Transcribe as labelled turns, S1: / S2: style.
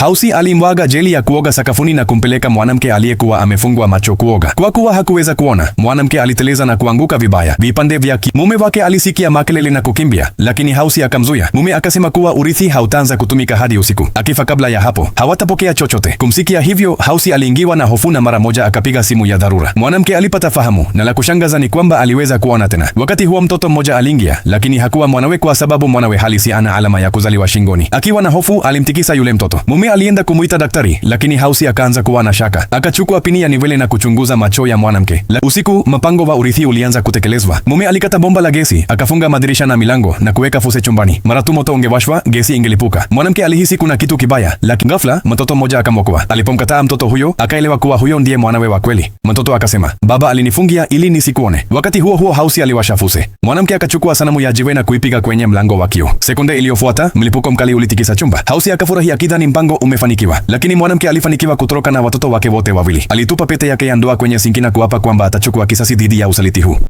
S1: Hausi alimwaga jeli ya kuoga sakafuni na kumpeleka mwanamke aliyekuwa amefungwa macho kuoga. Kwa kuwa hakuweza kuona, mwanamke aliteleza na kuanguka vibaya vipande vyake. Mume wake alisikia makelele na kukimbia, lakini Hausi akamzuia. Mume akasema kuwa urithi hautaanza kutumika hadi usiku, akifa kabla ya hapo hawatapokea chochote. Kumsikia hivyo, Hausi aliingiwa na hofu na mara moja akapiga simu ya dharura. Mwanamke alipata fahamu, na la kushangaza ni kwamba aliweza kuona tena. Wakati huo mtoto mmoja aliingia, lakini hakuwa mwanawe kwa sababu mwanawe halisi ana alama ya kuzaliwa shingoni. Akiwa na hofu, alimtikisa yule mtoto mume Mume alienda kumuita daktari, lakini Hausi akaanza kuwa na shaka. Akachukua pini ya nivele na kuchunguza macho ya mwanamke. Usiku mpango wa urithi ulianza kutekelezwa. Mume alikata bomba la gesi, akafunga madirisha na milango na kuweka fuse chumbani. Mara tu moto ungewashwa, gesi ingelipuka. Mwanamke alihisi kuna kitu kibaya, lakini ghafla mtoto mmoja akamwokoa. Alipomkataa mtoto huyo, akaelewa kuwa huyo ndiye mwanawe wa kweli. Mtoto akasema, baba alinifungia ili nisikuone. Wakati huo huo, Hausi aliwasha fuse. Mwanamke akachukua sanamu ya jiwe na kuipiga kwenye mlango wa kio. Sekunde iliyofuata, mlipuko mkali ulitikisa chumba. Hausi akafurahia kidhani mpango umefanikiwa. Lakini mwanamke alifanikiwa kutoroka na watoto wake wote wawili. Alitupa pete yake ya ndoa kwenye sinki na kuapa kwamba atachukua kisasi dhidi ya usaliti huu.